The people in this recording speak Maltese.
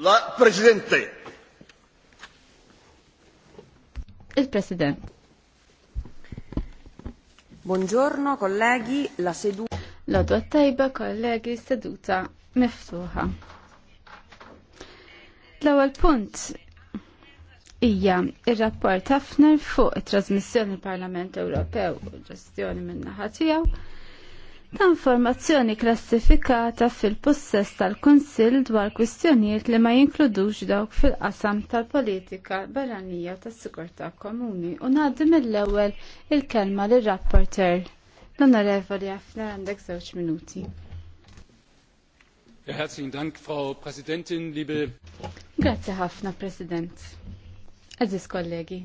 La Presidente. Il-President. Buongiorno kollegi, la seduta. La odwa tajba kollegi seduta miftuħa. L-ewwel punt hija ir-rapport Hafner fuq it-trasmissjoni Parlament Ewropew u ġestjoni min-naħa tiegħu ta' informazzjoni klassifikata fil-possess tal-Kunsill dwar kwistjonijiet li ma jinkludux dawk fil-qasam tal-politika barranija tas-sigurtà komuni u ngħaddi mill-ewwel il-kelma lir-rapporter l-Onorevoli Afner għandek żewġ minuti. Ja, herzlichen Dank, Frau Präsidentin, liebe... Grazie ħafna, President. Aziz kollegi.